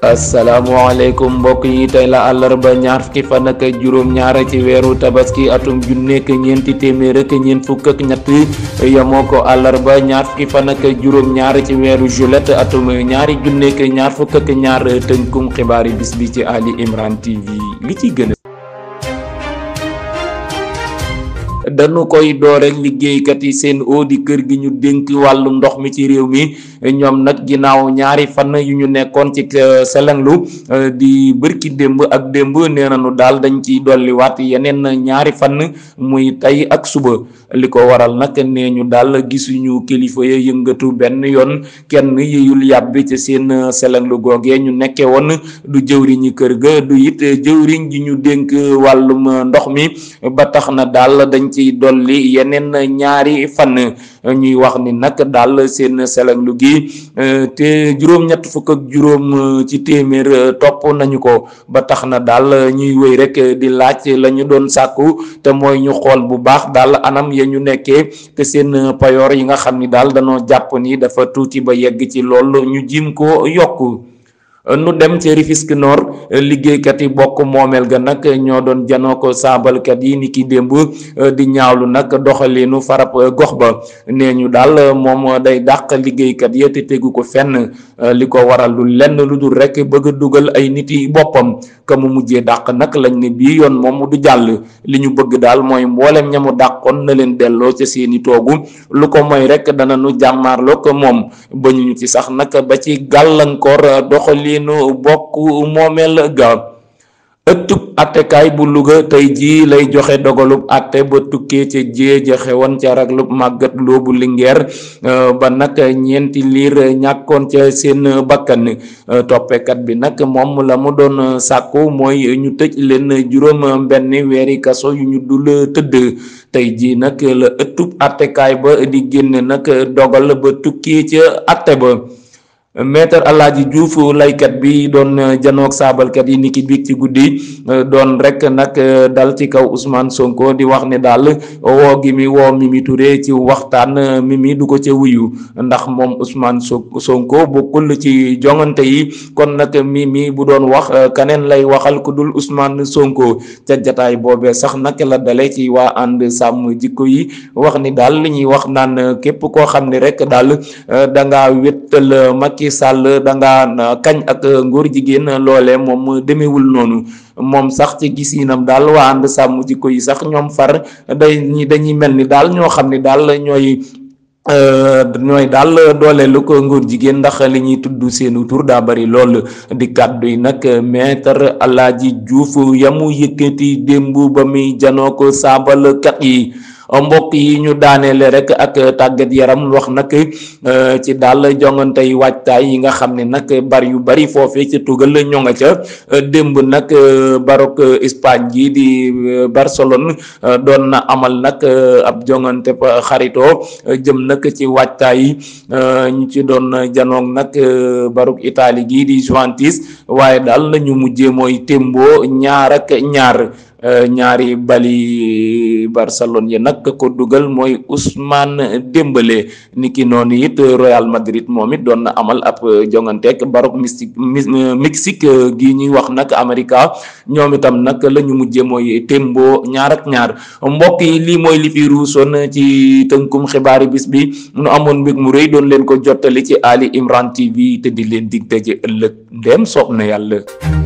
asalaamualeykum mbokk yi tey la àllarba ñaar fukki fan ak juróom-ñaar ci weeru tabaski atum junneek ñeenti téeméer ak ñeent fukk ak ñett yemoo ko àllarba ñaar fukki fan ak juróom-ñaar ci weeru juillet atum ñaari junneek ñaar fukk ak ñaar tënkum xibaari bis bi ci Ali Imran TV li ci gën a dañu koy door rek liggéeykat yi seen oo di kër gi ñu dénk wàllu ndox mi ci réew mi ñoom nag ginnaaw ñaari fan yu ñu nekkoon ci euh, selenglu euh, di bërki démb ak démb nee nañu daal dañ ciy dolliwaat yeneen ñaari fan muy tey ak suba li ko waral nag nee ñu daal gisuñu kilifa ya yëngatu benn yoon kenn yeyul yàbbi ci seen euh, selenglu googee ñu nekkee woon du jëwriñi kër ga du it jëwriñ ji ñu dénk wàllum ndox mi ba tax na daal dañ ci ci dolli yeneen ñaari fan ñuy wax ni nag daal seen lu gi e, te juróom-ñett fukk ak juróom e, ci téeméer e, topp nañu ko ba tax na daal ñuy wéy rek di laaj la ñu doon sàkku te mooy ñu xool bu baax daal anam ya ñu nekkee te seen payoor yi nga xam ni daal danoo jàpp ni dafa tuuti ba yegg ci lool ñu jim ko yokk Euh, nu dem ca Rufisque Nord euh, liggéeykat yi bokk moomeel ga nag ñoo doon janoo ko saabalkat yi ni ki démb euh, di ñaawlu nag doxalinu farab gox ba nee ñu daal moom day dàq liggéeykat ya te tegu ko fenn li ko waral lu lenn lu dul rek bëgg dugal ay nit yi boppam ka mu mujje dàq nag lañ ne bii yoon moom du jàll li ñu bëgg daal mooy mbooleem ñamu dàqoon na leen delloo ca seeni toogu lu ko moy rek dana nu jàmmaarloo ko moom ba ci sax nag ba ci gàllankoor doxalin seenu bokk moomeel ga ëttub attekaay bu Louga tey jii lay joxe dogalub atte ba tukkee ca jee joxe woon ca raglub màggat loobu Linguère euh, ba nag ñeenti liir ñàkkoon ca seen bakkan euh, toppekat bi nag moom la mu doon sàkku mooy ñu tëj leen juróom benn weeri kaso yu ñu dul tëdd tey jii nag la ëttub attekaay ba di génn nag dogal ba tukkee ca atte ba maître Alaaji juufu laykat bi doon euh, janook saabalkat yi ni ki biig ci guddi euh, doon rek nag euh, dal ci kaw usmaan Sonko di wax ne daal woo gi mi woo Mimi Touré ci waxtaan Mimi du ko ca wuyu ndax moom Ousmane Sonko bokkul ci jongante yi kon nag Mimi bu doon wax kaneen lay waxal ku dul Ousmane Sonko ca jataay boobee sax nag la dale ci waa ànd sàmm jikko yi wax ni daal li ñuy wax naan képp koo xam ne rek daal dangaa wéttal mag Macky Sall danga nga euh, kañ ak euh, ngóor jigéen euh, loole moom demewul noonu moom sax ci gisinam daal waa ànd sàmm jikko yi sax ñoom far day ñi dañuy mel ni daal ñoo xam ni daal ñooy ñooy daal dooleelu ko ngóor jigéen ndax li ñuy tudd seenu tur daa bari lool di kàddu yi nag maître Alaaji Diouf yamu yëkkati démb ba muy janoo saabal kat yi mbokk yi ñu daaneele rek ak tàggat yaram wax nag euh, ci daal jongante yi waajtaay yi nga xam ne nag bar yu bari foofee ca tugal ñoo nga ca euh, démb nag barok euh, Espagne gi di Barcelone doon na amal nag ab jongante xaritoo jëm nag ci waajtaay yi ñu ci doon janoog nag barok Italie gi di Juventus waaye daal lañu mujjee mooy témboo ñaar ak ñaar Eh, ñaari bali Barcelone yi nag ko dugal mooy Ousmane Dembélé ki noonu it Real Madrid moom it doon na amal ab jonganteeg Baroque mystique Mexique eh, gi ñuy wax nag America ñoom itam nag lañu ñu mujje mooy tembo ñaar ak ñaar mbokk yi lii mooy li fi ruusoon ci tënkum xibaari bis bi nu amoon mbég mu rëy doon leen ko jottali ci Ali Imran TV te di leen dig daje ëllëg ndeem soob na yàlla